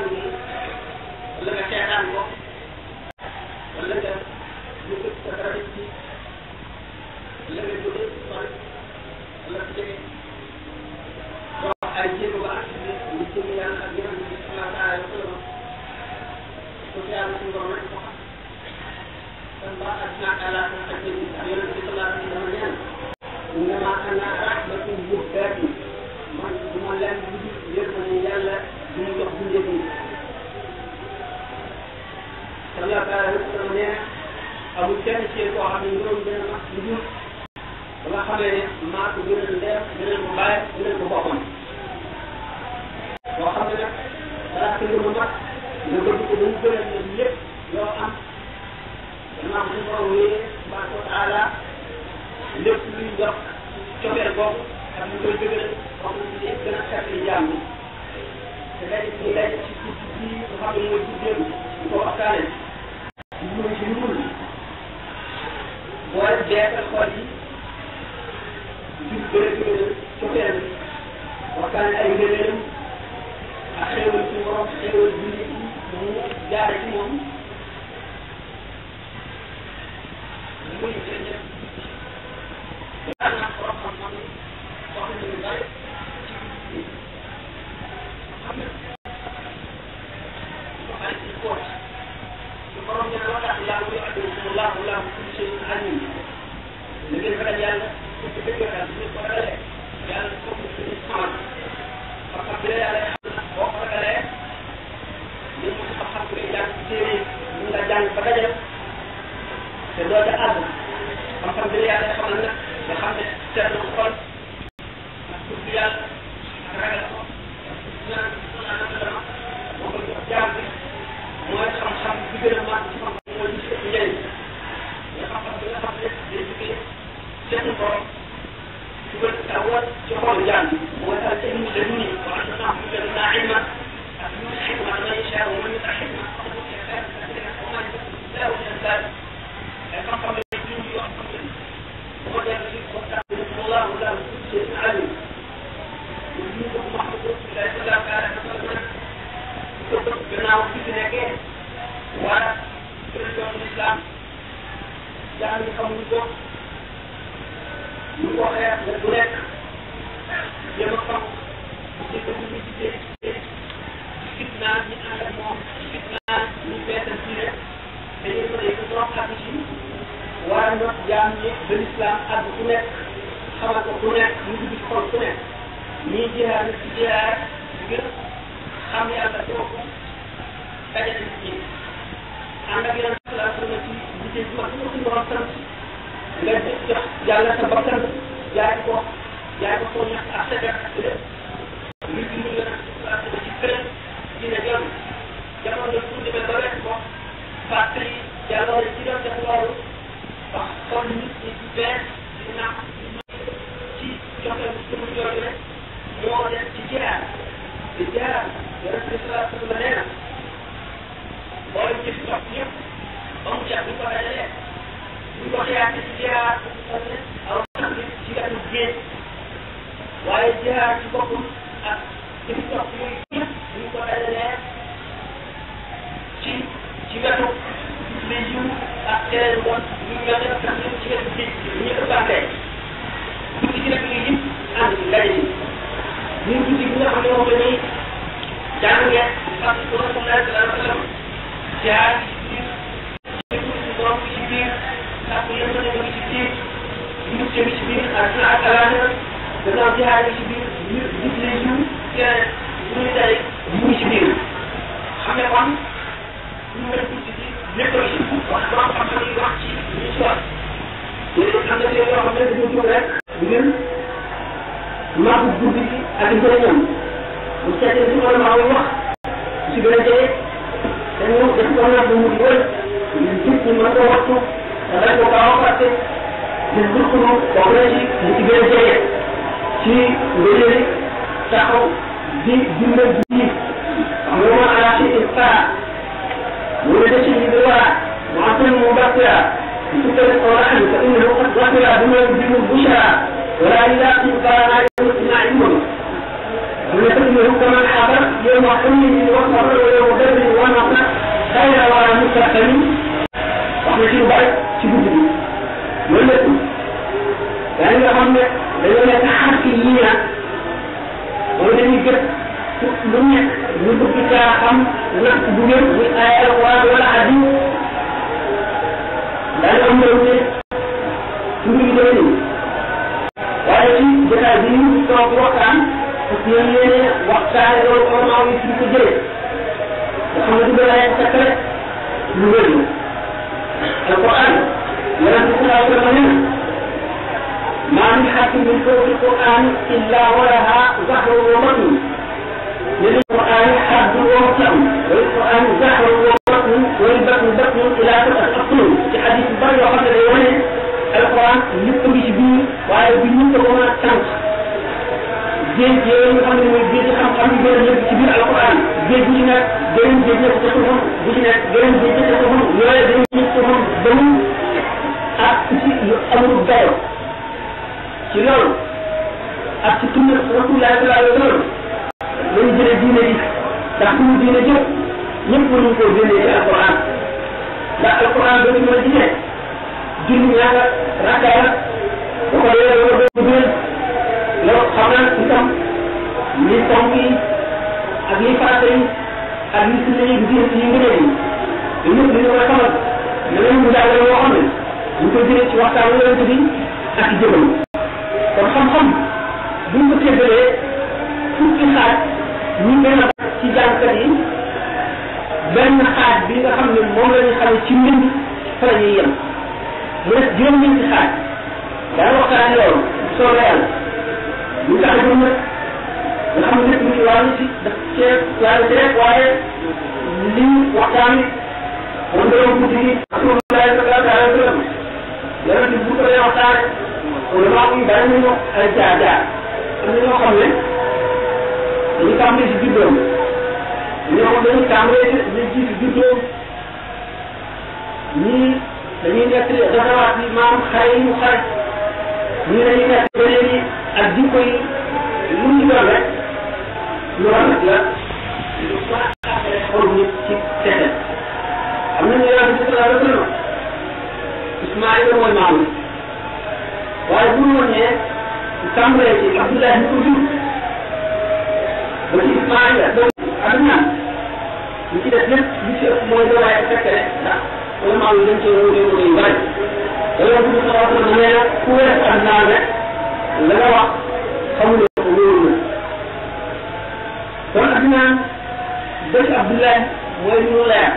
الشيطان لما كان عنده xam ne yàlla defal na nga ak keneen moom ñu nga def sax ñu ci def ci ñu ëppantee ñu ngi ci def ñu yëpp ànd ndaje ñu ngi ci nga xam ne moom la ñuy jàngee parce que rasulullah sallallahu alayhi wa sallam jaar ci borom ci biir ak yëpp dañu ci biir ñu ci ci biir ak na ak alaana dañoo jaar ci biir ñu ñu lay ñu keneen ñu ngi tey mu ngi ci biir xam ne kon météo wax borom xam-xam yi wax ci li ci wax léegi am na ci yoo xam ne dañu jóg rek ngir màgg guddi gi ak njëriñ ñoom bu seetee ci wala maa wax ci gën a jege dañu def ko nag mu wër ngir jub ñu mën ko waxtu dafay ko gaaw a fàtte ngir gëstu ko wala ci li ci gën a jege ci ngëneeli taxaw di dimbal ji xam nga moo alaati il ولدت الله معطل مبكرا بسكة القرآن فإنه قد غفر بما يبدل البشرى ولا يلاقي قال الله علمهم ولتكمله كمن حضر يوم حمل وصبر ويوم بدر ونصر خير ومستقيم وحمل بعد تبدل ولدت لأن هم لأن تحرك لينا ولدت lu nekk ñu bëgg caa xam nax bu wér muy aaya waa wala adi daal am na ne mbir yooyu waaye ci jotaay bi ñu toog waxtaan parce que yéen yéen waxtaane loolu ko maaw yi suñ ko jëlee nga xam ne du bëri ay secret lu wér la alquran yonente bi salaa sallam nee na maa min xakim min fawqi alquran illa walaha zahru wa matnu la lépp ci biir alquran géej bu ci nekk gëneen géej nekk ca suufam bu ci nekk gëneen géej nekk ca suufam yooyu dañuy nekk ca moom ba mu ak ci lu amul dayo ci loolu ak ci sunna rasulullahi sallallahu alayhi wa sallam lañu jëlee diine ji ndax suñu diine jëpp ñëpp mënuñu koo génnee ci alquran ndax alquran dañu mën a gisee junni ñaata rakkaa ak liy farata yi ak li si liy gis yi ngëneel yi ñun dañu war a xamal ne leen mu daal loo xam ne bi ak jëfam kon xam-xam buñ ko tëddalee fukki xaaj ñu benn ci jàngkat yi benn xaaj bi nga xam ne moom la ñu xamee ci mbind fa la ñuy yem mu des juróom-ñeenti xaaj daal waxtaan loolu soo la tax a dana am lépp muy wàllu ci daf cee laal ceeb waaye lii waxtaan yi moom la doon guddi gi. alhamdulilah sallallahu alayhi wa sallam yàlla ci bu ko lay waxtaanee wala maa ngi bàyyi ñu ñoo ay jaar jaar am na ñoo xam ne dañu tàmbalee si juddoom ñoo xam dañu tàmbalee si ñu ji si juddoom ñii dañuy nekk dafawaat yi maam xare yi ñu xare ñii dañuy nekk beneen loolu nag la lu baax a xol nit ci pexe am nañu yàlla bi sallallahu alayhi wa sallam Ismaïl la waaye bu ñu ne tàmbalee ci Abdoulaye ñu ko jur ba ci Ismaïl la doon aduna ñu ci def lépp lu ci ëpp mooy da waaye fekk rek ndax wala maam dañ cee wóor yu bëri bari da ngay wax ne ku wér ak naan rek la nga wax Abdurahman dëkk Abdullah mooy lu leer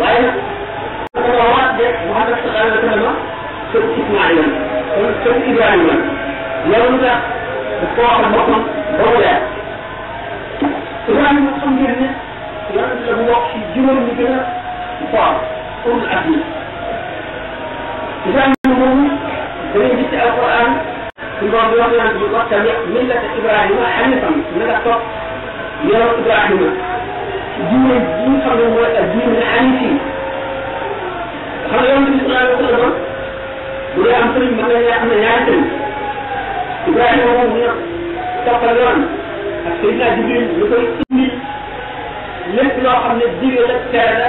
waaye nag dafa wax de Muhammad sallallahu alayhi wa sallam kër Ismaïl kon kër Ibrahima loolu tax dafa wax boppam ba mu leer Ibrahima xam ngeen ne yonent la bu bokk ci juróom ñi gën a fort pour at yi Ibrahima moomu dañuy gis ci alquran suñu borom bi wax yonent bi ko tamit millata Ibrahima xanifam na nga topp yow Ibrahima diine bi nga xam ne mooy ak diine xanifi xam nga yonent bi sallallahu alayhi wa sallam bu dee am sëriñ mën nga am na ñaari sëriñ Ibrahima moom ñu toppal yoon ak Seydina Jibril ñu koy indi lépp loo xam ne diine la teere la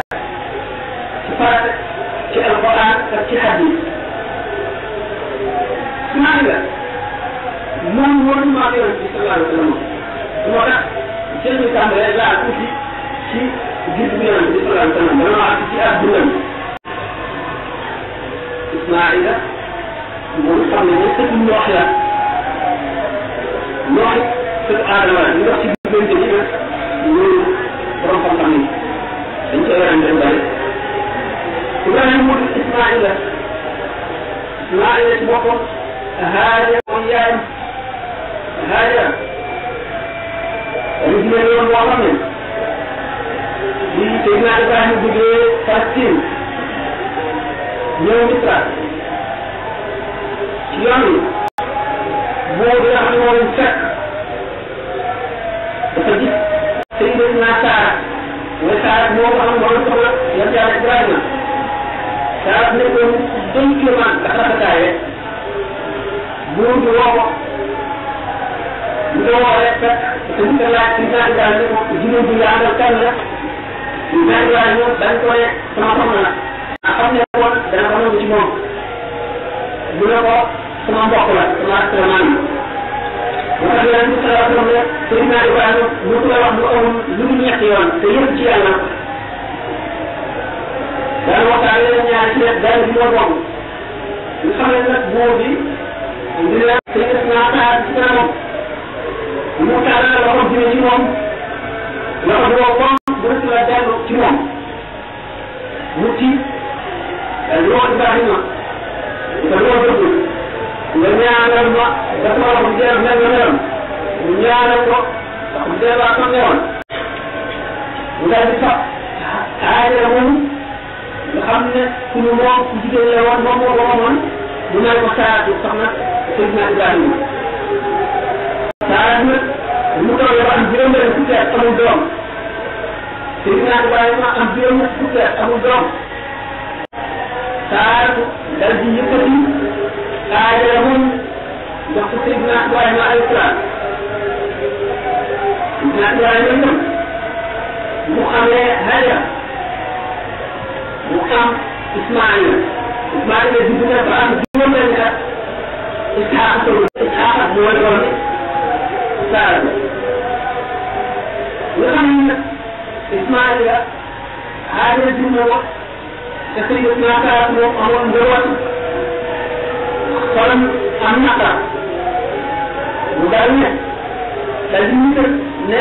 ci farat ci alquran ak ci hadis maa nga moom woon maa yonent bi sallallahu alayhi wa sallam moo tax ci lañu tàmbalee laal tuuti ci gis bu yonent bi sallallahu alayhi wa sallam dana àgg ci ak dundam Ismaila moom xam ne ne sëtu noox la noox sëtu aadama la ndox ci diggante bi nag loolu borom xam-xam yi dañ koy werante lu bari Ibrahima mu Ismaila Ismaila ci boppam Haajara mooy yaayam Haajara li ci leen yoon waxoon nañ bi Seydina Ibrahima jógee Palestine ñëw Misra ci yoon bi boo bi nga xam ne moo leen fekk dafa gis Seydina Saara mooy Saara moo ko am moo soxna yan yàlla Ibrahima Saara nekkoon doy kilomètre ndax rafetaay buur bi woo ko mu doon wax rek te bu fekkee laaj ñaan daal ne moom jigéen bi nga àndal kenn la ñaan daal ñoom dañ ko ne sama soxna la. ah xam ne woon dana ko nangu ci moom bu ne ko sama mbokk la sama sama maam la. wax dëgg yàlla ñu ne Seydina Ibrahima mu koy wax lu amul lu mu ñetti yoon te yëpp ci yàlla. daal waxtaan yeneen ñaari ci yëpp daal di ñoo bokk ñu xam ne nag buur bi dina def naa xaar ci kanamam. mu taala la ko jëlee ci moom la ko boo ko dëgg la dellu ci moom mu ci loo Ibrahima te loo dëgg nga ñaanal ma dafa wax mu jeex mel na melam mu ñaanal ko ndax mu dee baa ko newoon mu daal di fab aaya moom nga xam ne suñu moom ku jigéen la woon moom moo ko waxoon mu naan ko saatu soxna Seydina Ibrahima تعالى المكرر عن جرم إسماعيل إسماعيل يجب أن يفعل جرم إسحاق إسحاق هو saara nga xam ne nag Ismaila aadama jur na ko te Seydina Saara moo amoon njaboot xolam am naqar mu daal ne daal di ñu ne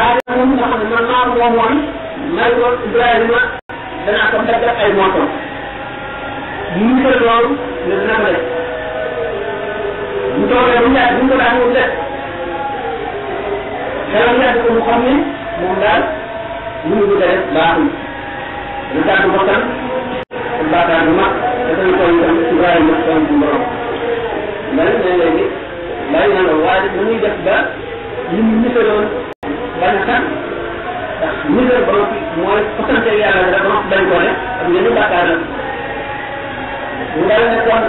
aadama moom nga xam ne man maa moomoon may ko Ibrahima danaa ko daggal ay mootoom ñu ngi loolu ne dina ko def mu toogee bu mu ko def xelam nekk ko mu xam ne moom daal lu ñu bëgg a def baaxul lu tàgg bakkan te bàkkaar bu mag te dañu koy itam ci waaye mu doon ci borom man ne léegi bàyyi na la waaye bu ñuy def ba li ñu misaloon bañ a xam ndax misal ba mooy fasante yàlla rek ba bañ ko def ak yenn bàkkaar la bu dal ne kon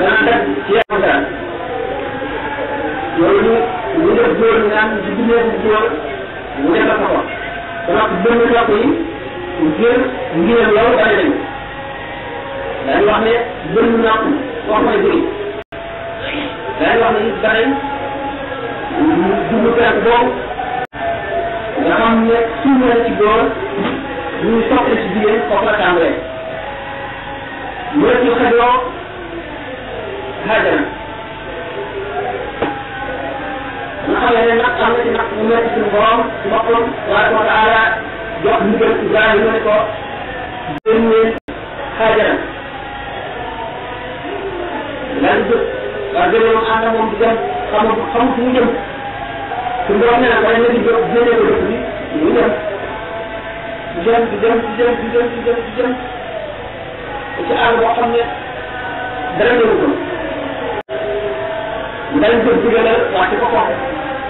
dana def ci yàlla loolu ñu def góor ñu naan di jublee ci góor ñu defal ko ko donc bënn ndox yi ngir ngir loolu bëri nañu dañu wax ne bënn ndox wax mooy bëri dañu wax ne it bëri dugub pexe boobu nga xam ne suñu la ci góor ñu sopp ci jigéen foofu la tàmbalee mu nekk xajoo xajana nga xam ne nag na ci nag mu nekk suñu borom ci boppam tabaraka wa taala jox ndigal Ibrahima ne ko génnee xaajaram lan jë waa gën moom ànd moom di ne nag wala nga di jóg génnee ko dëkk bi ñu dem di dem di dem di dem di dem di dem di la wàcc ko kooku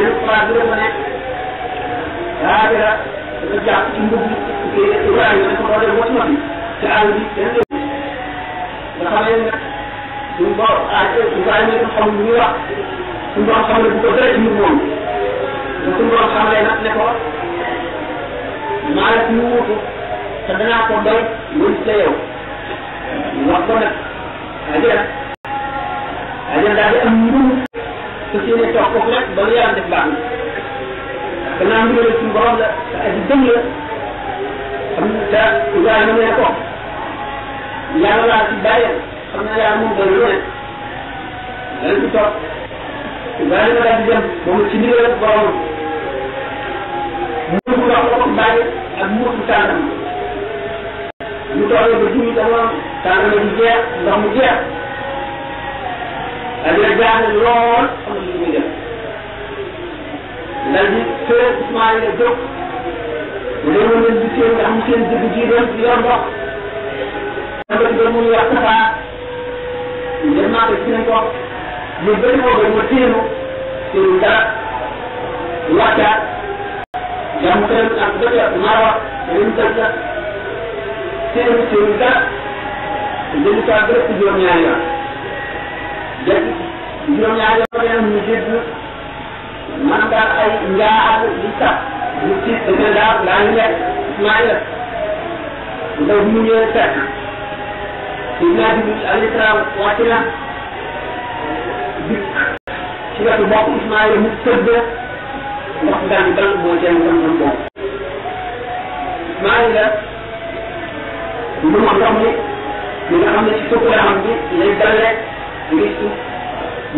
من الصابرون هذا رجع في إبراهيم القرآن المسلم تعالوا لخلينا ثم إبراهيم القوم ميرا ثم أصحاب البكرة يمون ثم أصحاب أجل أجل su siy toog foofu rek ba lu yaram def baax na gannaaw ndigal suñu borom la te aji dëng la xam nga te Ibrahima ne ko yàlla laa ci bàyyam xam naa yàlla moom doon lu ne danañ ci toog Ibrahima daal di dem moom ci ndigal borom mu ko wax ko bàyyi ak muutu tànnam mu toogee ba junni tamoon tànnam di jeex ndox mu jeex نرجع للون لذي سيد اسماعيل الدق ولمن البسير الحمسين تبجيرهم في يرضى يقدمون يرتفع لما تسينكو يبني وبمتينه في الدار وكا يمكن أن تبقى مرة يمكن سيد سيد اللي تعبرت اليوم يعني dégg juróom-ñaar yoo xam ne ñu dégg maanaam daal ay njaar di sax ñu tiit dañu ne daal daa ngi nekk maa ngi ndaw mu ñëwee fekk dinaa dugg alayhi salaam wàcc na dikk ci wetu bopp Ismaïla mu tëdd ndox daan dal moo jëm ngam ngam boobu Ismaïla lu ma ndox mi li nga xam ne ci sukkuram bi lay dalee begitu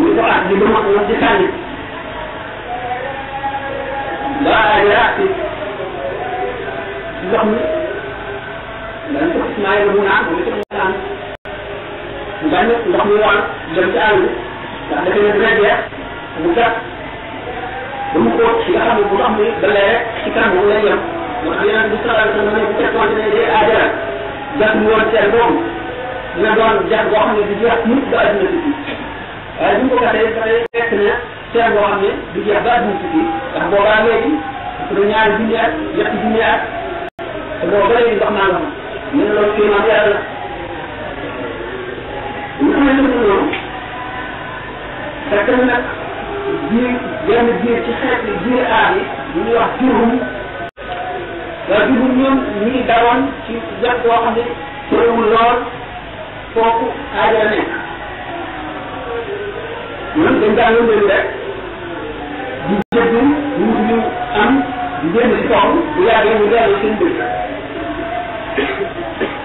berdoa di rumah mengerjakan لا يأتي لهم لن تخص ما يلهون عنه ويتمون عنه وبعد لهم يوعى جمتان بعد كده الزاجية ومساء ومقوط شكرا من قرآن بلا شكرا من قرآن وخلينا نستغل أن نستغل أن نستغل أن نستغل أن نستغل أن نستغل أن نستغل أن نستغل dina doon jar boo xam ne du jeex mukk ba àdduna tukki waaye bu ñu ko gasee dafay fekk ne seer boo xam ne du jeex ba àdduna tukki ndax boobaa léegi du ñaari junni at ñetti junni at te boo ba léegi ndox maa nga ñu ne loolu kéemaan yàlla la ñu xamee ne noonu fekk na nag jiir benn jiir ci xeet yi jiir aar yi ñu ñuy wax jurhum waaye jurhum ñoom ñu ngi daroon ci jar boo xam ne soriwul lool foofu aajo la nekk ñun dañ daan yóbbu rek di jënd ñu ñu am di jënd si kaw bu yàggee ñu dellu seen dëkk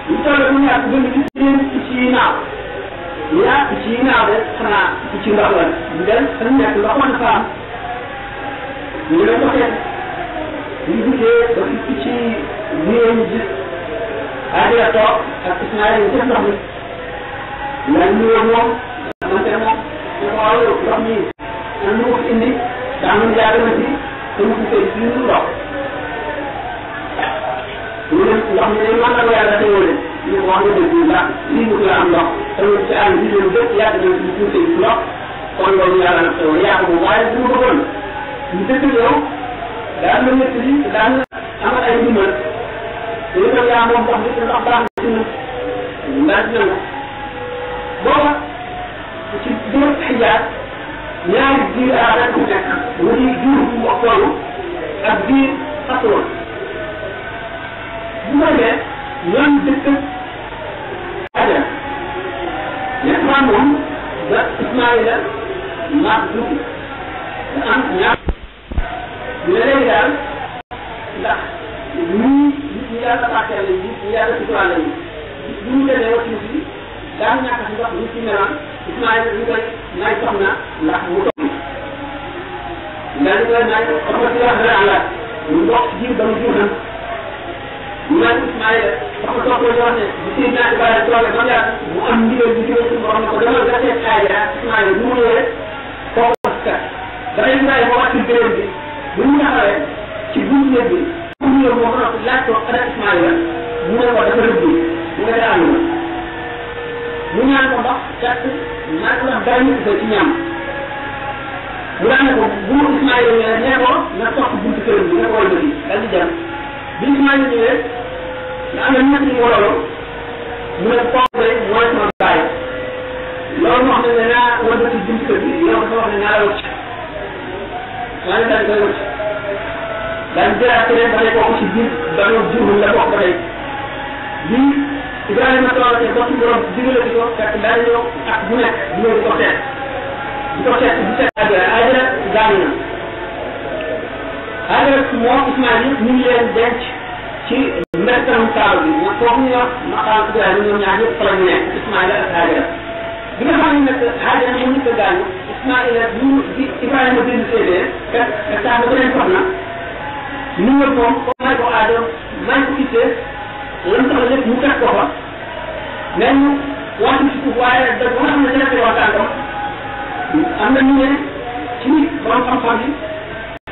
ñu toll bu ñàkk gën ci seen picc yi naaw ñaar picc yi naaw rek xanaa picc ndox la ñu dem dañ nekk ndox mën fa am ñu ne ko xeet ñu gisee ba fi picc yi ñu gis aajo la toog ak picc naa leen def ndox mi yaa ngi ñëwoon moom. man tey moom. ñu ko waaw yow ndox mi. man ñu ko indi. daa mel ni yaakaar na si. te mu gisee suñu ndox. ñu ne ndox mi ne man la ko yàlla teewoo leen. ñu ne ko wax nga dëgg ndax lii mu la am ndox. te mu ci àll bi ñu bépp yaakaar na si suñu seen ndox. kon loolu yàlla na teewoo yaa ko moom waaye bu ma bëggoon. ñu dëgg yow. daan na métti li daan na amal ay ndimbal. te itam yaa moom ndox mi ndox baax na ci ñun. ndax dina booba ci biir xijaar ñaari biir aada du nekk muy biir bu mu xoolu ak biir façon bu ko dee ñoom dëkk ajal yasra moom ba Ismaila maak dugg da am ñaar ñu ne léegi daal ndax ñii nit ñi yàlla baaxee lañ nit ñi yàlla suturaal lañ nit ñi demee wacc daan ñàkk di wax ñu ci melaan gis naa ñu koy naaj soxna ndax mu toog daan koy naaj soxna si wax dana àllaat mu dox ci jiir ba mu jiw nag ñu naan Ismaïla soxna soxna di wax ne bu siy naa Ibrahima toole ba nga mu am ndigal bi jóge suñu borom ne ko demal nga seet Aajara ah, Ismaïla bu mu ñëwee kooku wax kat dafay Ismaïla moo wàcc béréb bi bu ñu taxawee ci buñu néeg bi bu ñëw moo ko laaj ko ana Ismaïla mu ne ko dafa rëbb mu ne daanu ñu ñaan ko ndox fekk ñaan ko ndox dara ñu ko ci ñaan mu daan ne ko bu ma Ismaïla ñëwee nee ko na topp buntu këram bi nga ko wàllu bi dal di dem bi Ismaïla ñëwee nga am na ñett ñu waralo mu ne kooku rek mooy sama baay loolu moo xam ne naa wàllu ci buntu kër bi yow dafa wax ne naa la wëcc maa ngi daal koy wëcc daan jëlaat keneen ba ne kooku ci biir ba nga jurul la bokk ba tey lii Ibrahima toog ne dox borom digalati ko fekk daan ñëw ak bu nekk di ñëw di ko seet di ko seet bu seet ajara ajara gaañu na ajara moo Ismaïl yi ñu ngi leen denc ci mbertam taaw bi ma foofu ñu wax maqaam Ibrahima ñoom ñaar ñëpp fa la ñu nekk Ismaïl ak ajara bi nga xam ne nag ajara mu ngi ko gaañu Ismaïl ak bu di Ibrahima bind séedee fekk saa ba beneen soxna ñu ngi moom ko may ko aajoo may ko ittee lan tax lépp mu fekk ko fa waaye nag dëgg bu ne dina fi waxtaan ko am na ñu ne ci borom xam-xam yi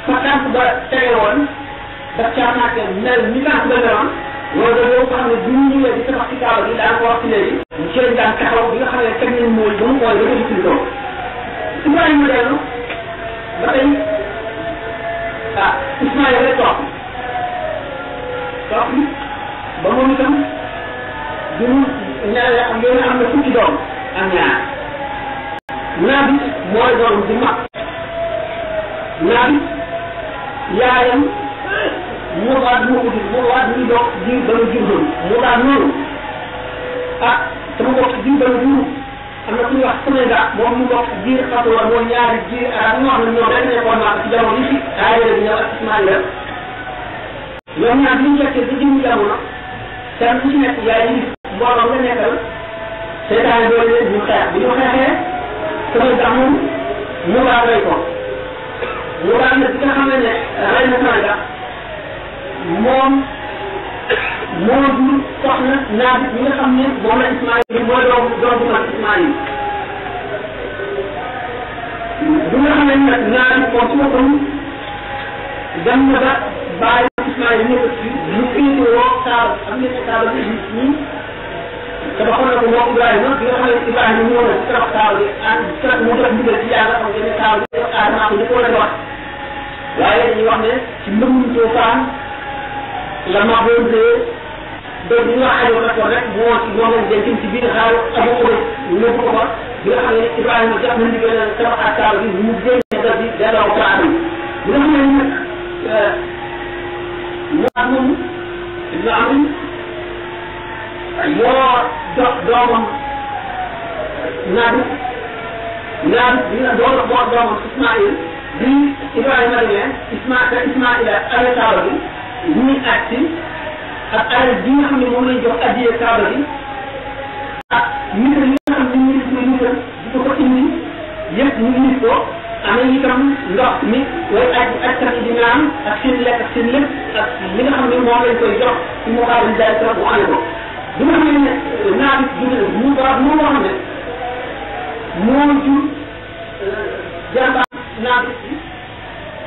fa tànk ba tege woon daf caa naag mel ni tànk ba meloon loolu da yow ko xam ne bu ñu ñëwee di tabax ci kaaba gi daan ko wax ci léegi ci lañ ne teg nañ mooy ba mu ooy ba ko utilisoo Ibrahima dellu ba tey ah Ismaïla rek toog toog ba moom itam gënu ñaar yoo xam ngeen am na fukki doom ak ñaar nabi mooy doom di mag nabi yaayam mu waat mu uti mu waat muy doog jiw ba mu jur doon mu waat noonu ah sama mbokk jiw ba mu jur am na ku ñuy wax semaine daa moom mu bokk jiir xatuwa mooy ñaari jiir arab ñoo xam ne ñoom rek nekkoon naa ko ci jamono yi fi aayee bi ñëw ak Ismaïla ñoom ñaar bi ñu fekkee ba jëm jamono kenn ku ci nekk yaa ngi gis mbooloo nga nekkal seytaane doole leen ñu xeex bi ñu xeexee sama gàmmu mu baax rey ko mu baax na bi nga xam ne ne rey na sama gàmm moom moo jur soxna naabit mi nga xam ne moom la Ismaayil mooy doomu doomu man Ismaayil bi nga xam ne nag naabit moom su boppam dem na ba bàyyi Ismaayil ñëpp te waxoon na ko moom bi nga xam ne na ci trop taaw bi ah trop mu jox ndigal ci yàlla xam ne taaw bi Aadama ko njëkkoon a wax waaye dañuy wax ne ci la ma doon dee doom yi nga na ko rek ko yóbbu ko fa bi nga xam ne Ibrahima jox na ndigal moo jox doomam naadu naadu dina doon moo doomam ismail bi ibrahima ne isma ka ismaila ale kaaba bi ñuy àcci ak ale bi nga xam ne moom lañ jox addiye kaaba bi ak nit li nga xam ne nit ko nital di ko ko indi yëpp ñu nit ko amee itam ndox mi way aj aj tam di naan ak seen lekk ak seen lépp ak li nga xam ne moom lañ koy jox ci mu xaaral daal trop bu amee ko bi nga xam ne naaj bi dina mu baax moo xam ne moo jur euh, jàmbaar naaj bi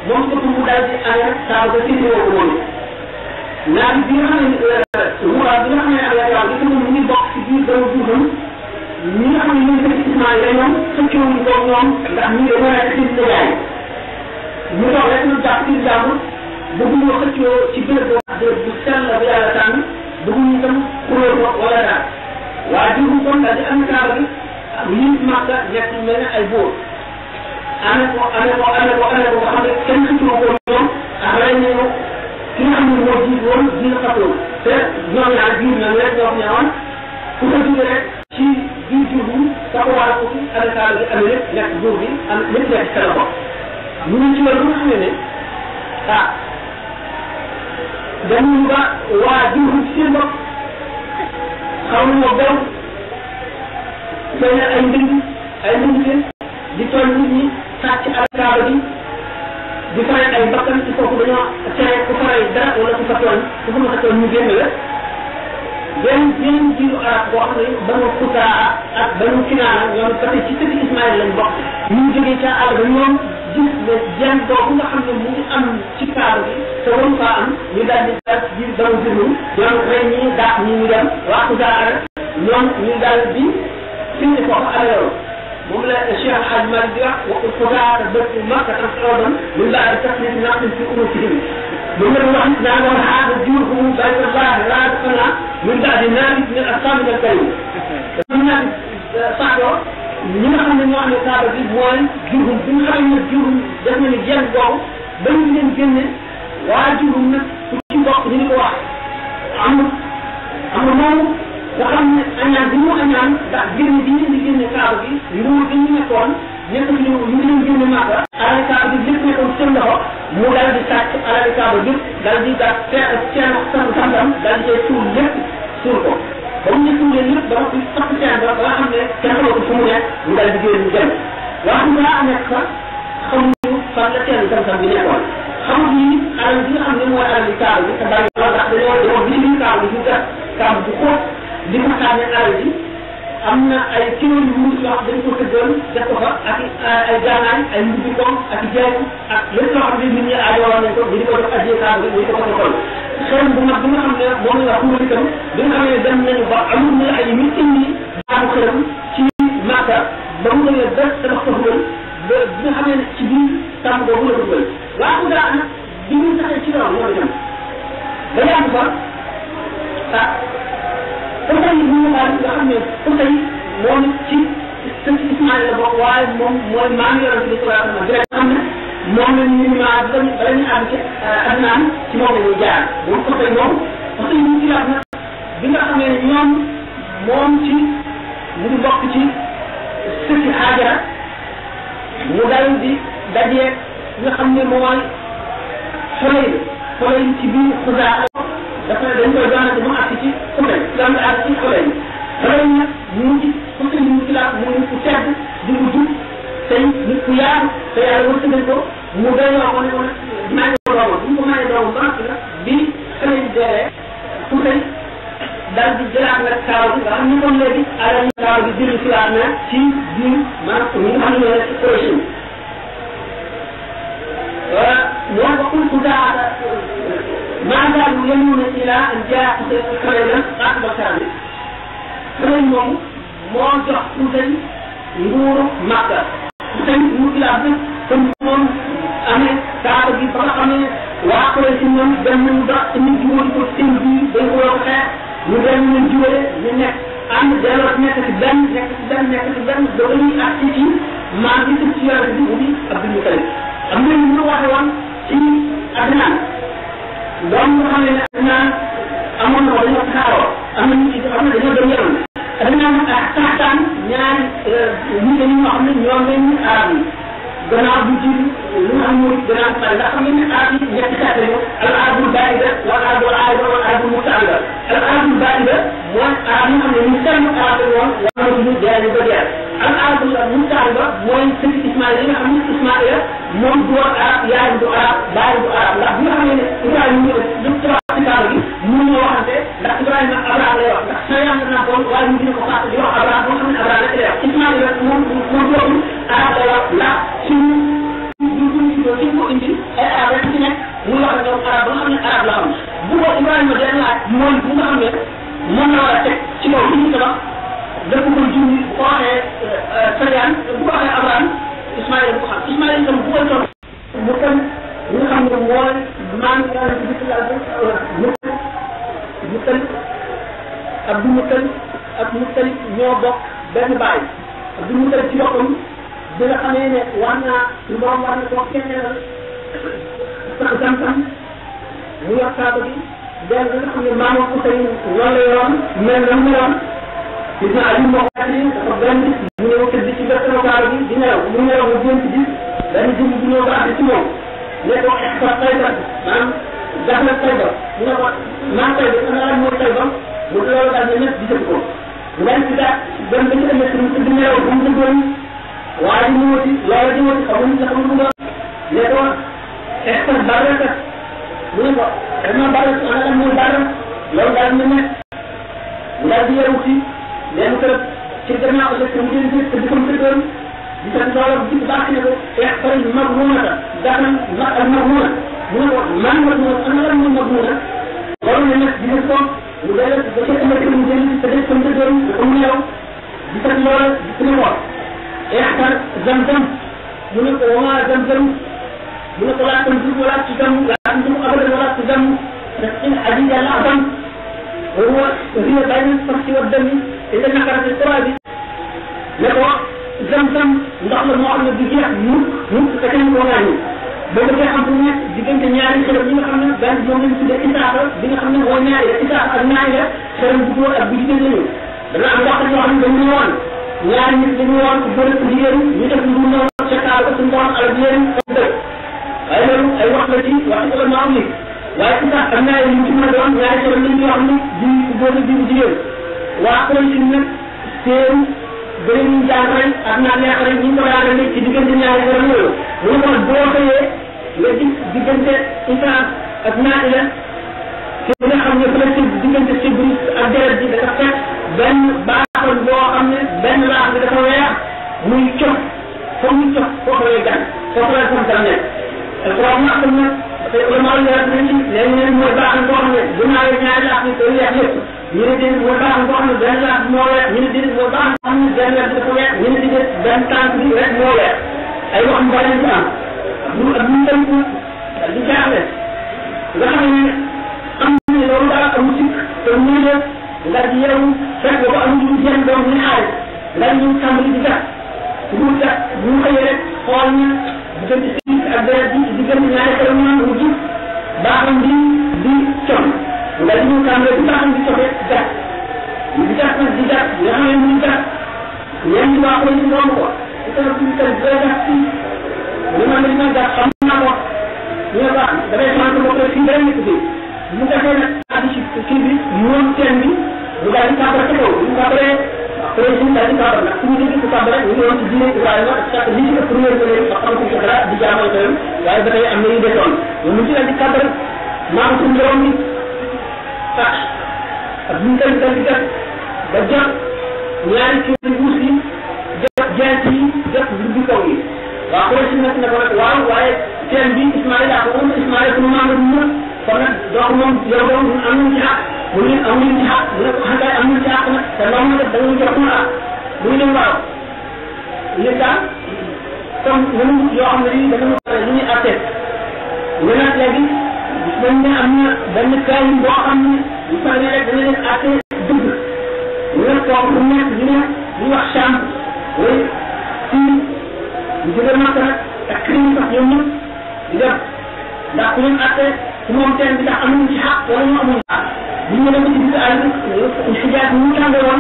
moom dëkk mu daal di àll saabu ba tëjee woo ko moom naaj bi nga xam ne muuraat bi nga xam ne àll waaw li mu ngi bokk ci biir dama duuram ñi nga xam ne ñoom seen gisement yi ñoom xëccoo ñu ko ñoom ndax ñu ngi war a xëcc sa yaay ñu toog rek ñu jàpp ci jàmbur bëgguñu xëccoo ci béréb wax béréb bu sell bu yàlla tànn bëgguñu itam xulóo wala daal waaye jiwu kon daal di am kaaba gi ñun Makka nekk ñu mel ne ay bóor ane ko ane ko ane ko ane ko nga xam ne kenn xëccoo ko ñoom ak rey ne ko ki nga xam ne moo jiit woon dina xatloo te ñoom ñaar jiw ñoom rek ñoo ñëwoon ku ko jóge rek ci biir jur bi sa ko waral ko ci ane kaaba gi ane lépp nekk jur bi am lépp nekk ci sa loxo ñu ngi ci loolu nga xam ne ne ah dañuy ba waa jiwu si ma xaw ma bew beneen ay mbind ay mbind di toll nit ñi sàcc alkaaba bi di faral ay bakkan ci kooku dañoo tere ku faral dara wala ku fa tooñ ku fa ma tooñ ñu génn la benn benn jiwu arab boo xam ne banu Kutaa ak banu Kinaana ñoom ci tëdd Ismaël lañ bokk ñu jógee ca ba ñoom gis ne jeen boobu nga xam ne mu ngi am ci kaaba bi te waru faa am ñu daal di daal di daw dinu ñoom rey ñi daax ñi ñu dem waa ku daara ñoom ñu daal di findi foofu alayoon moom la cheikh alhaj malik di wax wa ku daara bëgg makka tam xoodan ñu daal di tax nit naa am ci umu ci من الله نعم هذا جوه بين الله لا تقنع من بعد نابت من أصحاب الكريم Sador ñi nga xam ne ñoo amee Sador bi mooy Jurhum nga xam ne Jurhum def na ni jenn boobu ba ñu leen génne waa Jurhum nag ku ci bokk ñu ngi ko wax am am na moom nga xam ne añaan bi mu añaan ndax génne bi ngeen di génne Sador bi nguur bi ñu nekkoon nekk ñu ñu ngi leen génne Màkka alal Sador bi mu dal di sàcc alal Sador bi dal di gas seen seen sam-sam dal di cay suul lépp suul ba mu ne suulee ñëpp dama ko takk seen bopp ba nga ne kenn xamoo ko fu mu nekk mu dal di génn dem waaye mu daa nekk sax xamuñu fan la teen sam-sam bi nekkoon xamut ni alal bi nga ne mooy alal bi kaaw bi te bari loolu ndax dañoo dañoo bind kaaw bi ñu li ko xaamee alal bi am na ay kilos yu wurus yoo xam dañ ko tëggoon def ko fa ak euh, ay gànnaay ay mbubu ak jaay ak lépp loo xam ne nit ñi aajowoon ko ñu ko def asie kaabu ko ko xool xel bu mag bi nga ne moom la xumbali tam bi nga xam ne dem nañu ba amul na ay mi indi baamu xelam ci Màkka ba mu demee ba tabax ko dugal ba bi nga xam ne ci biir tàmm boobu la ko dugal waa ko daa nag bi ñu saxee ci loolu ñoo dem ba yàgg fa ah comme tey jii ñu nga xam ne comme tey moom ci sëñ Ismaïl la bokk waaye moom mooy maam yoroon ci biir programme bi nga xam ne moom la ñu ñu maanaam dem ba ñu àgg ci euh, Adnaan ci moom la ñuy jaar moom comme tey moom wax dëgg ñu ci laaj na bi nga xam ne ñoom moom ci mu ngi bokk ci sëti Haajara mu dal di daje nga xam ne mooy Xulay Xulay ci biir Xuzaa dafa dañ koy daanaka mu àgg ci Xulay am na ci pour que ñu ci mu ngi ku tedd di mu tey nit ku yaatu te yàlla wërsëgal ko mu doy loo xam ne moom maa ngi ko doomam bu ñu ko maa ngi doomam ba noppi nag bi xale yi deewee pour que daal di jëlaat nag kaaw bi nga xam ne comme léegi alal kaaw bi jëli si waat ci biir maanaam ñi nga xam ne ci projet bi. voilà ñoo ku daa maa daal yamuuna ilaa an jaa xuraylan aqba karabi xurayl moom moo jox Xuseyn nguuru Màkka Xuseyn mu village bi comme moom amee kaaba gi ba nga xam ne waa Xuraysh ñoom dem nañu ba ñu jubóon ko seen biir dañ ko doon xeex ñu dem ñu jubóore ñu nekk ànd delloo nekk ci benn nekk ci benn nekk ci benn ba ñuy ak ci ci maa ngi ci ci yàlla bi mu di Abdul Mutalib xam nga ñu waxee woon ci Adnaan doom nga xam ne am naa amoon na wala ñu ko xaaroo am na ñu ci xam ne dañoo dem yaram dafa naan ah taxtaan ñaari euh, nit ñi nga xam ne ñoom lañ ñu arab yi gannaaw bu ci lu nga xam mooy gannaaw bu ndax xam ne arab yi ñetti xeet lañu al arabul baida wal arabul aida wal arabul mutaalla al arabul baida mooy arab yi nga xam ne ñu seen arab woon wala ñu jaay ba jeex al arabul mutaalla mooy sëñ Ismaïl yi nga xam ne Ismaïl moom du woon arab yaayam du arab baayam du arab ndax bi nga xam ne ne Ibrahima ñëw Abdul Muttalib ak Muttalib ñoo bokk benn baay Abdul Muttalib ci boppam bi nga xamee ne war naa lu borom war na koo kennelal sax sam-sam mu yor kaaba gi deel bi nga xam ne maama Ousseynou loolu la yoroon mel na mu yoroon gis naa Ali moo ko nettali dafa benn mu ñëw tëdd ci wetu kaaba gi di nelaw mu nelaw mu gént gis benn jëm bu ñëw ba àgg ci moom ne ko xeex ba tay ba maanaam dax na tay ba mu ne ko maa tay ba ana lan mooy tay ba mu loolu daal ñëpp di jëf ko ñaan ci daal dem ba ci ëllëg mu tudd nelaw bu mu dëggoon waa ji mu wati loola di wati xamuñ ci xamuñ ko doon ne ko extan barra ka mu ne ko xamna barra ci ana mooy barra loolu daal ñu nekk mu daal di yeewu ci leen kër ci gannaaw ëllëg mu jël jëf te di ko tëddoon di sant loola bu ci baax ne ko extan magmumata daanam mag al magmuna mu ne ko man magmuna ana lan mooy magmuna loolu ne nekk di ko ñu gën bu fekkee ma gën ngeen te def tam te gën comme yow di tax lool di suñu wax ihtar zamzam mu ne ko wama zamzam mu ne ko laa tam jub wala ci jam laa tam jub abada wala ci jam ndax in hadid al adam وهو هي بين الصخر والدم إذا نقرت التراب لك زمزم نقل المعلم بجيح نوك نوك تكلم وغاني ba dafay xam bu nekk diggante ñaari xërëm yi xam ne benn moom lañ tuddee isaaxa bi nga xam ne bu góor bu jigéen lañu dana am waxtu yoo xam ne dañu woon ñaari nit dañu woon ku bëri ku jigéen ñu def lu mu noonu seetaal ko suñu borom alal yéen ak dëkk waaye loolu ay wax la ci wax ci ulama am ni waaye isaaxa ak ñaari ñu ci mën a doon ñaari xërëm lañ yoo xam ne si nag bëri nañ jàng nañ am naa neex nañ ñu ñëwaat nañ ci diggante ñaari borom yooyu mu ne kon boo xëyee nga di diggante isaaf la fi diggante si biir ak deret bi dafa fekk benn baaxoon boo xam ne benn baax bi dafa weex muy cox foofu muy cox foofu lay gan foofu lay kontaan nekk alxuraan wax na dafay ulama yi wax nañ ci léegi nag mooy baax boo xam ne bu naawee ñaari laax yi koy weex lépp ñu ne déedéet mooy baax boo xam ne benn laaf moo weer ñu ne déedéet mooy baax boo xam ne benn laaf dafa weer ñu ne déedéet benn tànk bi rek moo weer ay wax mbaleen ci am bu ak bu tënku du jaaxle nga xam ne am loolu daal amul sikk te muy def nga di yow fekk ba amul lu jëm doom ñu xaar nga ñu tàmbali di gat bu gat bu xëyee rek xool na diggante si ak deret bi diggante ñaari xel mu naan mu jub baaxam bi di con nga di ñu tàmbale bu baax di joxe jar di jar di jar nga xam ne muy jar ñeent waa ko ñu romb ko di ko di ko di jar fii ñu naan dañu naan jar xam naa ko ñu ne baax damay sant ba pare fii dara nekk fii mu defee nag àddi ci kii bi mu woon teen bi mu daal di tàmbale ci kaw ñu tàmbalee président daal di tàmbale nag suñu dégg ci tàmbale ñu ngi woon ci diine Ibrahima parce que li ci ëpp première bi ba xam ci dara di jaamal waaye ba tey am na yu desoon ñu mu ci daal sax ak buñ koy def def ba jot ñaari ci mbuus yi jot jant yi jot mbir kaw yi waa Quraysh nag ne ko nag waaw waaye seen bi Ismaïla ko moom Ismaïla sunu maam la dund kon nag donc moom yow doon amuñ ci xaq mu ne amuñ ci xaq mu ne ko xantaay amuñ ci xaq nag te ndox ma nag da nga jox ma xaq mu ne waaw l'État comme ñun yoo xam ne nii dañu li ñuy àtte ñu naan léegi gis nañ ne am na benn kaayin boo xam ne bu paree rek dana leen àtte dëgg ñu ne toog bu nekk ñu ne ñu wax Cham wala fii ñu jóge Makka ak crime sax ñoom ñëpp di def ndax ku leen àtte su moom teen bi ndax amuñu ci xaq wala ñu amul xaq bu ñu demee ci biir àll bi xijaat ñu tàngaloon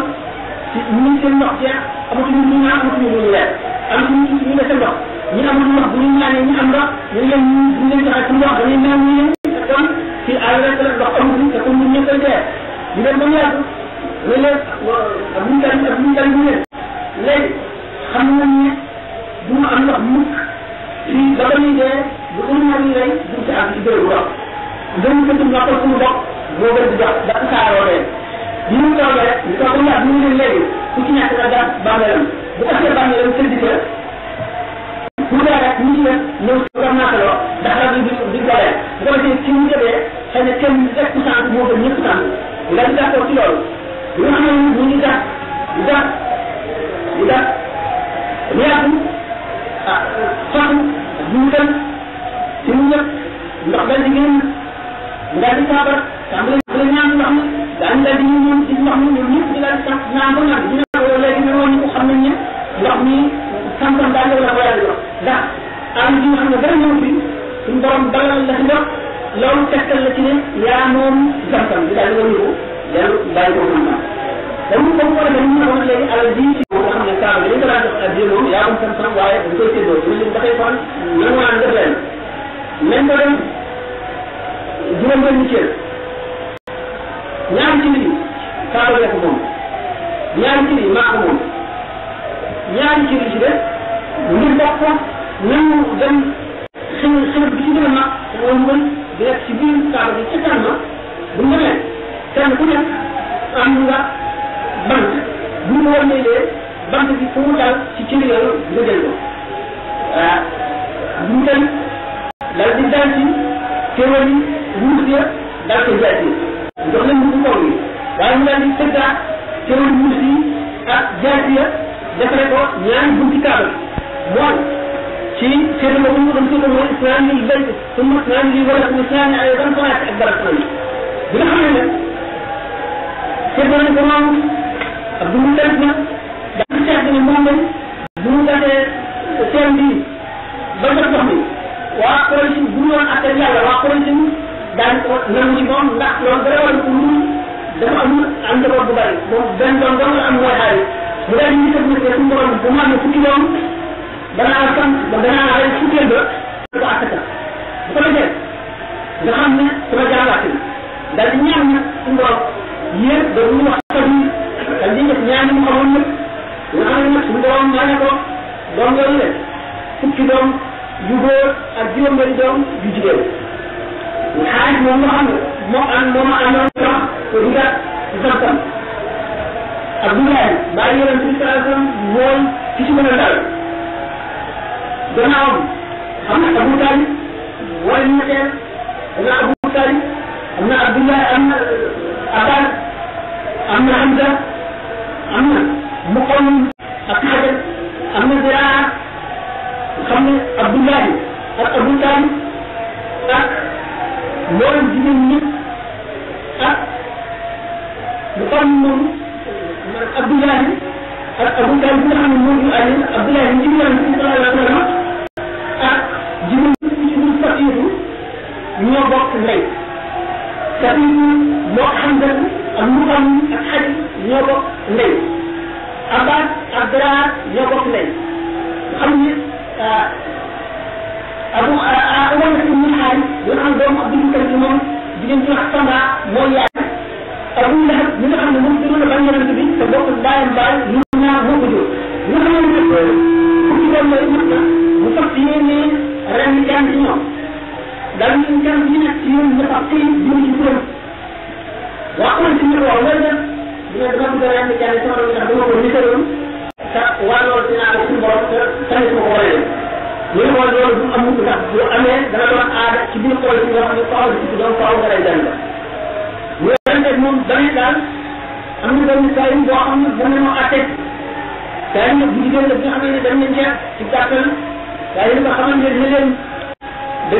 ci ñu seen ndox jeex amatuñu lu ñu naan amatuñu lu ñu leer amatuñu ñu ne seen ndox ñi amul ndox bu ñu ñaanee ñu am ndox ñu leen ñu leen joxe su ndox dañuy naan ñu leen fii àll la ndox amu fi te comme ñun ñëpp a dee ñu dem ba mu yàgg léeg-léeg ak buñ dal ak buñ dal xam nañ ne du ma am ndox mukk fii ba ba ñuy dee bu ëllëgaat yi lay duñ ci am ci bérébu ndox gën ko dund waxal suñu ndox moo gën di jox dafa saaroo leen ñu mu toogee rek ñu toog ba mu yàgg ñu ngi leen léegi ku ci ñàkk na gas bàmmeelam bu tasee bàmmeelam sëddi bu mu demee rek ñu ñëw war naa ko ndax rab yi duñ dooleel bu ko defee ci ñu jëlee xëy na kenn rek ku sant moo gën ñëpp sant nga di d'accord ci loolu lu nga xam ne ñu ngi dàq di dàq di dàq ñu yàqu ah faatu ñu dem ci ñu ñëpp ndox benn ngeen nga di saabar tàmbali ñaan ndox daan nga di ñu ñoom ci ndox mi ñoom ñëpp di la sax naan ba naan ñëw fi suñu borom dalal la ci ndox loolu tegtal la ci ne yaa moom Zamzam bi daal di ko mu dellu bàyyi ko xam naa dañu comme ko defee ñu ne wax léegi alal bi ci nga xam ne saa bi dañ ko daan def ak jéem yaa moom Zamzam waaye dañ koy séddoo ñu leen dafay fan nan waa nga leen même ba dem juróom benn cër ñaari ci lii saa ba lekk moom ñaari ci lii maa ko moom ñaari ci lii ci des ñu bokk ñu dem xëy na xëy bi ci gën a mag mooy mën di nekk ci biir kaaba bi ca kanam bu ñu demee kenn ku nekk am nga bant bu ñu war léeg-léeg bant bi fu mu daal ci cër a nga jël ko waaw ah, bu ñu a daal di daal ci teewal yi ruus ya ko jaay ci jox leen bu kaw yi waaye mu daal di tëggaat teewal ruus yi ak jaay ya defare شيء كان المفروض امسكه من في البلد ثم اسلام في ولد مسلم ايضا فما يتقدر الإسلام بنحن هنا سيدنا الامام عبد المطلب بعد الشيخ بن محمد بنوتا سيم دي بدر فهمي وقريش بنون اكل يالا وقريش دان نمو مom ndax loolu dara wal ko lu dafa am da ko bu bari mom ben don don am moy xari mu dal ni ko ko ko borom bu ma ne fukki yoon danaa sam danaa rey fukkeel ba ko asaka bu ko defee nga xam ne sama jaaraate bi daal di ñaan nag suñu borom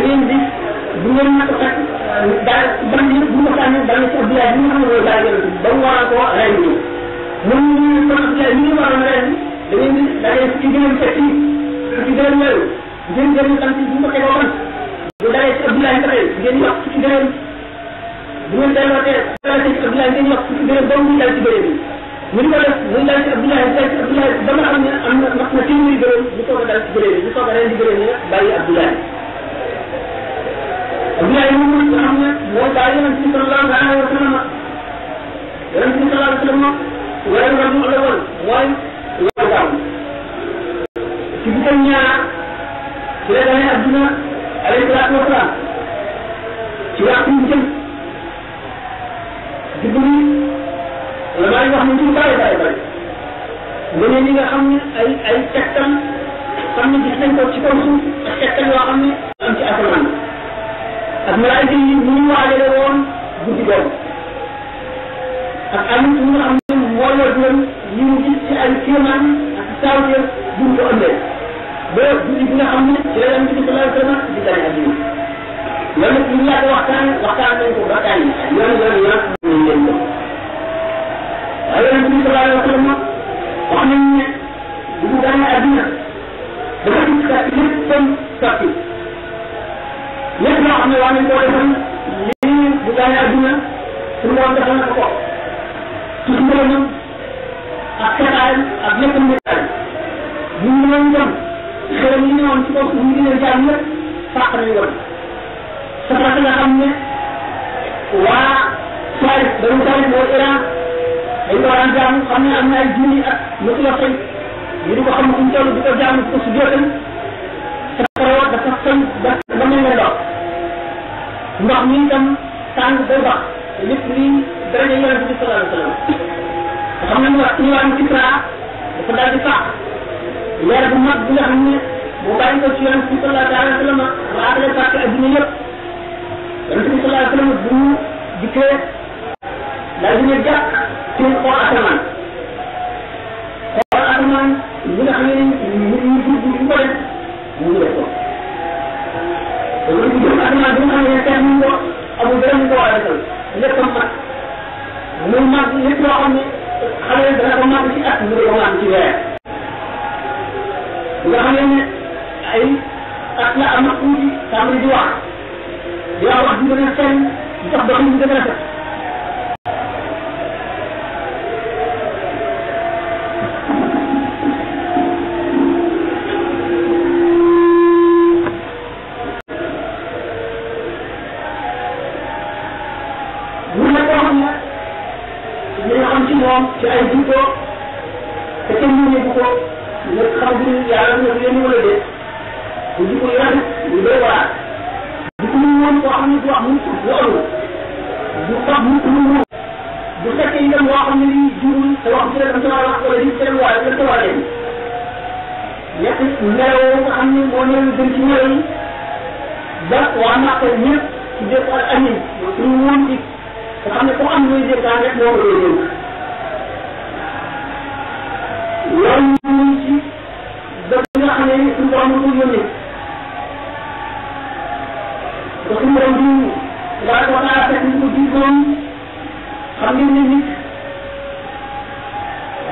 leen di bu nak tak dal ban ñu bu mu tan dal ci abdullah ko ray ni mu ñu ko abdullah ñu wara ray da ngeen di da ngeen ci gën ci ci ci gën ñëw ngeen gën tan ci bu mu ko ban bu dal ci abdullah ñu ray ngeen wax ci gën bu ngeen dal wote dal ci abdullah ngeen wax ci ini ba mu dal ci bëre bi ñu ko def ñu dal ci abdullah ini ci abdullah dama xam abdoulaye moom mooy nga xam ne moo daa yonent bi sallallahu alayhi wa sallam yonent bi sallallahu alayhi wa sallam weeru nga mu la woon mooy weeru gàmm ci bu ko ñaar ci la gane adduna alayhi salaatu wa salaam ci waxtu bu jëm juddu bi la maa ngi wax ni ñu bari bari bari mu ne ñi nga xam ne ay ay tegtal xam ne gis nañ ko ci kaw suuf ak tegtal yoo xam ne am ci asamaan ak malaayika yi ñu ñu waajale woon guddi boobu ak am ñi nga xam ne mbooloo bi leen ñu ngi gis ci ay kéemaan ak tawteer bu ñu ko ëndee ba guddi bi nga xam ne ci la leen di sallallahu alayhi wa sallam di tane ak ñoom loolu nag ñu yàgg waxtaan waxtaan nañ ko waxtaan yi loolu loolu yàgg nañ leen ko waaye yonent bi sallallahu alayhi wa sallam wax nañ ne bu mu gane àdduna dafa gis kat léppam soppi lépp loo xam ne waa ngi ko defal lii bu gaañ adduna na ak xetaayam ak léppam mbëraayam bu ñu doon dem xëram yi newoon ci kaw suuf ñu leen jaam safara si nga xam ne waa Faris banu Faris mooy Iran dañu ko ay junni ak lu ko la fay ñu di ko xam ne suñu toll di ko jaamu ko ndox mi itam tàng bay bax lépp li daraja yonent bi sallallahu alayhi wasallam xam nañ wax ñu waram kitra dafa daal di faax leer bu mag bi nga xam ne bu bàyyi ko ci yonent bi sallallahu alayhi wasallam ba àggale fàtte adduna yëpp yonent bi sallallahu alayhi wasallam bu mu dikkee daal ne ñu ñu Usmaan bi nga xam ne kenn mu amul benn mu ko war a defal lépp a mat muy mat lépp loo xam ne xale dana ko mat ci at mu ko mat ci weer nga xam ne ay at la am na tuuti tàmbali di wax di wax wax bu gën a fenn jox dox mu gën a rafet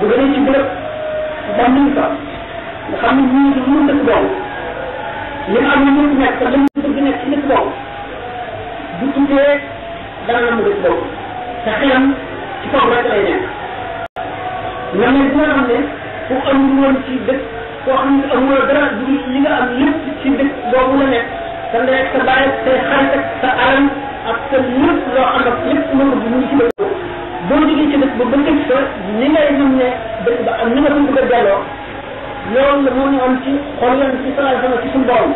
bu gënee ci bërëb moom ñu fa nga xam ne ñu ngi mun dëkk boobu li am ñu ngi nekk la ñu bëgg nekk ci dëkk boobu bu tuddee dana nam dëkk boobu te xelam ci kaw rek lay nekk nga ne bu nga xam ne ku amul woon ci dëkk koo xam ne amuloo dara dugg li nga am lépp ci dëkk boobu la nekk sa ndey ak sa bàyyi ak say xarit ak sa alal ak sa lépp loo xam ak lépp loolu bu muy ci boo liggéey ci dëkk ba ba dëkk fa ni ngay mën ne dëkk ba am ni nga ko bëgg a delloo loolu la moo ñu am ci xol yan ci salaay sama ci suñu borom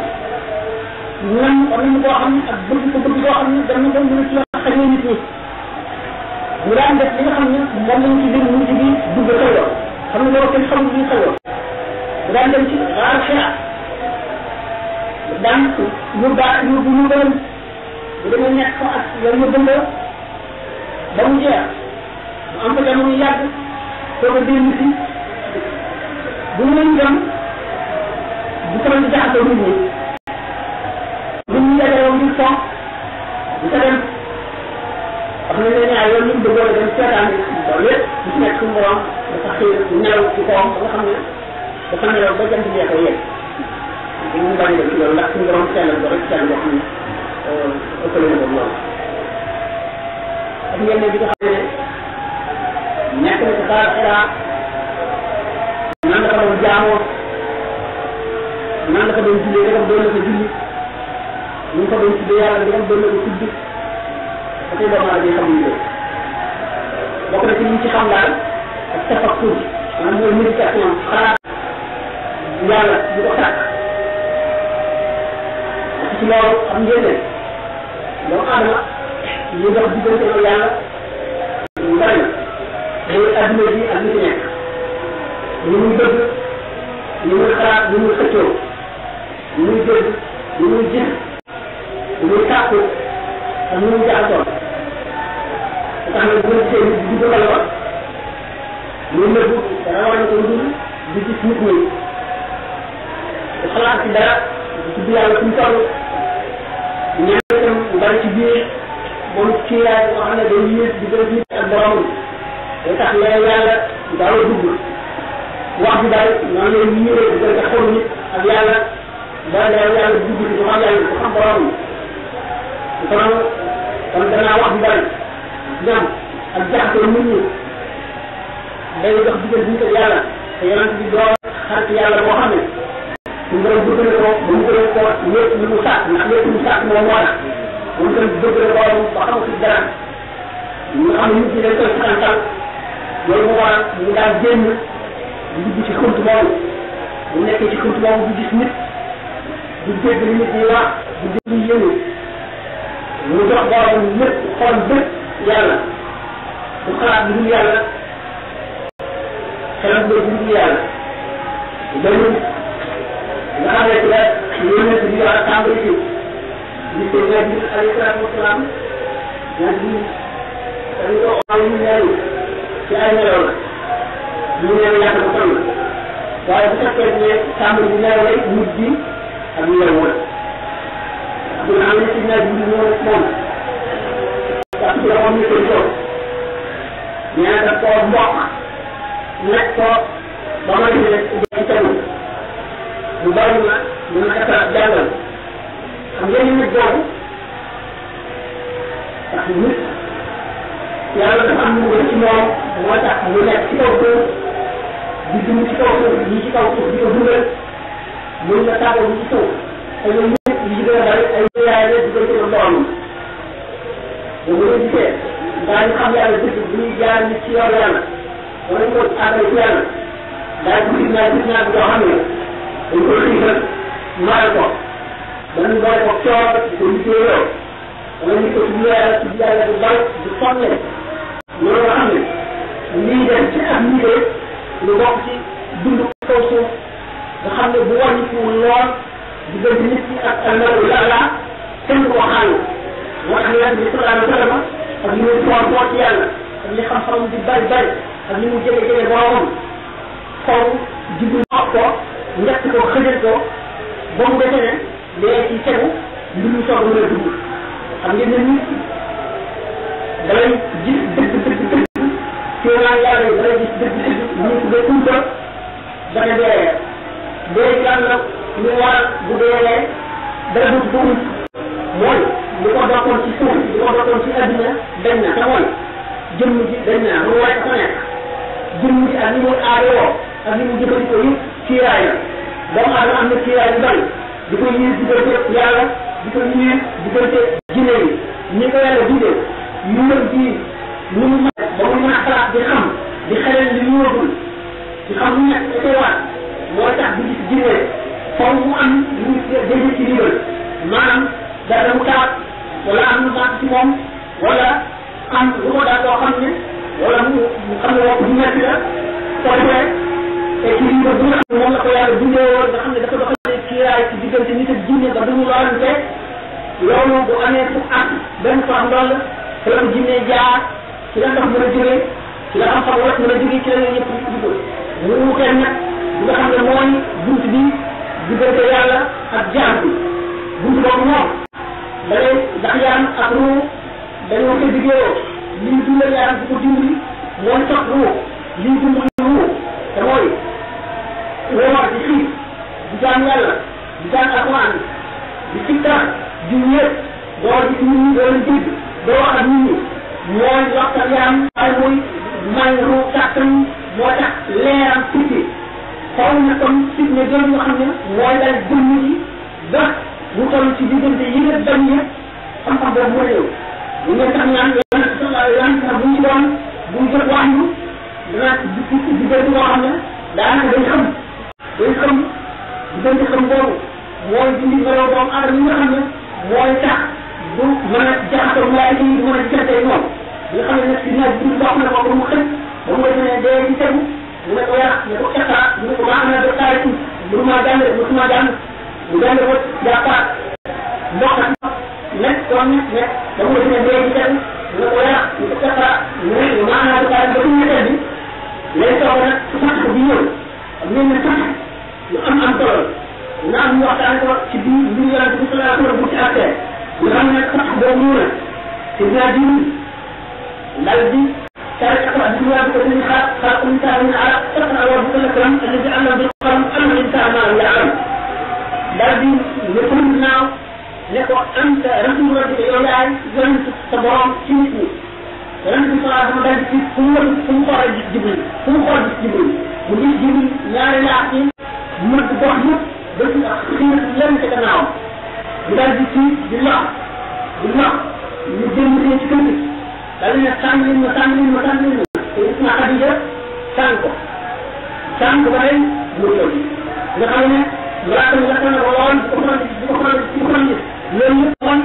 nan am nañu koo xam ne ak bëgg ko bëgg koo xam ne dana ko mën a ci wax xañee nit ñi ñu daan def li nga xam ne moom lañ ci biir mu ci biir dugg xëyoo xam ne loolu kenn xamul li xëyoo ñu daan dem ci raar xeex daan ñu baax ñu bu ñu gën bu demee nekk fa ak yow ñu bënd ba mu jeex am na jamono yàgg soo ko déglu si bu ñu leen dem bu soobee di jaxasoo nit ñi. nit ñi dajaloo ñu sox di ko dem wax nañ ne ñaar yoon ñu bëggoon a dem seetaan bi loolu yëpp bu ci nekk suñu borom dafa xiir nelaw ci kawam ba nga xam ne dafa nelaw ba jant bi yàq yéen. ñu bañ a dem ci loolu ndax suñu borom seelal ko rek seel boo xam ne euh, ëppale na ko loolu. ak ñenn bi nga xam ne. nekk na ci xalaat xiraa nan la ko doon jaamoo nan la ko doon jullee rek doon na ko julli ñu ko doon tuddee yàlla rek doon na ko tudd ba tey doomu aadama yi xamuñu loolu bokk na ci liñ ci xam daal ak tafakkur maanaam mooy méditation xalaat yàlla bu ko tàkk parce que ci loolu xam ngeen ne doomu aadama ñu dox diggante ak yàlla bari na réew adduna bi ak li fi nekk ñu muy bëgg ñu muy xalaat ñu muy xëccoo ñu muy bëgg ñu muy gis ñu muy tàkku ak ñu muy jaxasoon nga xam ne bu ñu gisee nit di dugal ko muy di gis nit ñi di xalaat ci dara di tudd yàlla suñu toll ñaan itam bari moom kiiraay boo xam ne day yées di gën a nit ak boromam day tax nga yàlla daaw dugg wax bi daal maa ngi leen yéere di gën a xol nit ak yàlla daa daal yàlla dugg ci xam yàlla ku xam borom bi kon kon danaa wax bi daal jam ak jaxasoo nit ñi day dox diggante nit ak yàlla te yonent bi doo xarit yàlla boo xam ne suñu borom bëgg na ko ba mu gën a ko lépp lu mu sàkk ndax lépp lu mu sàkk moom moo tax ba mu gën bëgg na borom ba xam si dara ñu xam ne nit ñi dañ koy santal loolu moo waral mu daan génn di dugg ci xunt boobu mu nekkee ci xunt boobu du gis nit du dégg li nit ñi wax du dégg lu yëngu mu jox borom ñëpp xool bépp yàlla du xalaat bi dul yàlla xelam bi dul yàlla loolu nga xam ne ci la yónnee bi war a tàmbali ci ñu ko ñaan bi alayhi salaatu wasalaam ñaan bi dañu ko xool ñu ñaan ci ay melow la ñu ne yàq bu toll waaye bu fekkee ne sàmm bi leew lay mut bi ak leewu la dina am na ci nawet bi ñu moom parce que moom ñu koy toog nee na koo mboq nekk ko ba ma ne ci kenn mu ma mun na defaraat jàngal xam ngeen nit boobu ndax yàlla dafa am lu gën ci moom moo tax lu nekk ci kaw suuf di dund ci kaw suuf yi ci kaw suuf di ko dundal mën na tàggat ci suuf te ñun ñëpp yi ci gën a bari ay yaay la di ko jël borom bu ko gisee daañu xam yàlla dëgg bu ñuy jaar nit ci yoon yàlla wala ñu ko àggal ci yàlla daañu ko gis naa gis naa bi doo xam ne dañu ko xiifal maal ko dañu boole ko coor di ko liggéeyoo wala ñu ko ci yàlla ci yàlla du bal du sonne loolu nga xam ne lii dem ci ak liggéey lu bokk ci dund kaw suuf nga xam ne bu wàññi ko lool diggante nit ki ak almaru yàlla kenn ko xaalu moo tax yàlla bi sallallahu alayhi wa sallam ak li muy foor foor ci yàlla ak li xam-xam di bari bari ak li mu jege jege boromam xaw ko njëkk ko xëjal ko ba mu defee ne lee ci tegu mbir mu soog a mën a dugg xam nit ki dalay gis dëgg kéemaan yàlla yi dana gis dëgg nit nga kumpa dana dee dee jàll nag ñu war bu deewee dana dugg dugg mooy li ko dokkoon ci suuf li ko dokkoon ci adduna dañ na te mooy jëmm dañ na mu waree ko nekk jëmm ji ak li mu aaroo ak li mu jëfandikoo yëpp am na kiiraay yu bari di ko yéen diggante yàlla di ko yéen diggante jinne yi ñi ko yàlla bindee ñu ngi ñu mu mën ba mu mën a xalaat di xam di xelal li wóorul di xam lu nekk ci waat moo tax di gis jinne faw mu am lu dégg ci ndigal maanaam dara mu taat wala am lu màgg ci moom wala am lu mu xam ne wax bu nekk la soxla te ci ndigal bu nga xam ne moom la ko yàlla bindee woon nga xam ne dafa jinne ba du mu lorante loolu bu amee fu am benn fois loolu la loolu jinne jaar ci la ndox mën a jógee ci la xam-xam wat mën a jógee ci la ñëpp mu nag bi nga xam ne mooy bunt bi diggante yàlla ak jaam bi bunt boobu moom dane ndax yaram ak ruu dañoo koy diggéeyoo lii dundal yaram bu ko dimbali mooy sax ruu lii dimbali ruu te mooy woor di xiif di jaam yàlla di jaam ak nit ñi mooy waxtaan yaram waaye muy may ruu kàttan moo tax leeram tuuti xaw na comme fitne doon nga xam ne mooy dal jëmm ji ba mu toll ci diggante yi nga bañ yëpp xam-xam boobu moo réew ñu ngeen tax ñaan yoon yoon sax bu ñu ci doon bu ñu jot wàññu danaa ci diggante boo xam ne daanaka dañ xam dañ xam diggante xam boobu mooy dindi meloo doomu aadama yi nga xam ne mooy tax bu mën a jaxasoo malaayika yi mën a jëfee moom bi nga xam ne nag si nawet bi wax na ko ba mu xëy ba mu ne dee di tegu mu ne ko yàq ne ko xeqaa mu ne ko maa am na ba taay tuut mënuma jàng mënuma jàng mu jàng ko jàppaat ndox nag nekk doon nekk nekk ba mu ne dee di tegu mu ne ko yàq ne ko xeqaa mu ne maa am na ba taay ba mu ñetteel bi lay toog nag sant bi ñëw am nañ ne sant lu am am solo na am ñu waxtaan ko ci biir mbir yàlla bi sallallahu alayhi wa sallam bu ci affaire nga xam ne xam boo mu ne ci ñaar bi lal bi tarik xam ak ñaar bi ko ñu xaar xaar ko ñu taal ñu xaar sax na war bu ko la karam alladhi allah bi xam am na insa ma la am dal bi ñu ko ñu naaw ne ko am ta rasul rabbi yow yaay yoon sa borom ci nit ñi yoon bi sa dama dal ci fu mu fu mu xool gis jibril fu mu xool gis jibril mu gis jibril ñaari laa ci mu ko wax mu ba ci xiir lan ci gannaawam mu daal di kii di naaw di naaw ñu jëm ci ci kër gi daal di ne tànn leen ma tànn leen ma tànn leen ma te it naa Xadija tànn ko tànn ko ba tey mu toll nga xam ne laata laata na ko woon bu ko mën bu ko mën bu ko mën loolu yëpp kon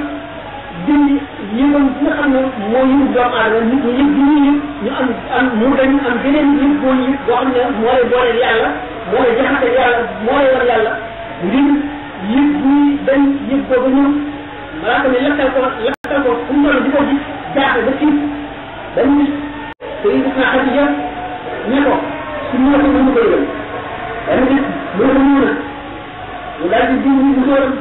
dindi yëngal bi nga xam ne moo yëngu doomu aadama nit ñi yëpp nit ñi ñu am am mu dañu am beneen nit boo ñu boo xam ne moo lay booleel yàlla moo lay jaxase yàlla moo lay war yàlla ngir yëg ñi benn yëg boobu ñoom malaaka mi lakkal ko lakkal ko fu mu toll di ko gis jaaxle ba tiit ba mu gis te gis naa Xadija ne ko su ñu ko mënu ko yëgal dana gis loolu ko ñëw na mu daal di diw ñu musóoram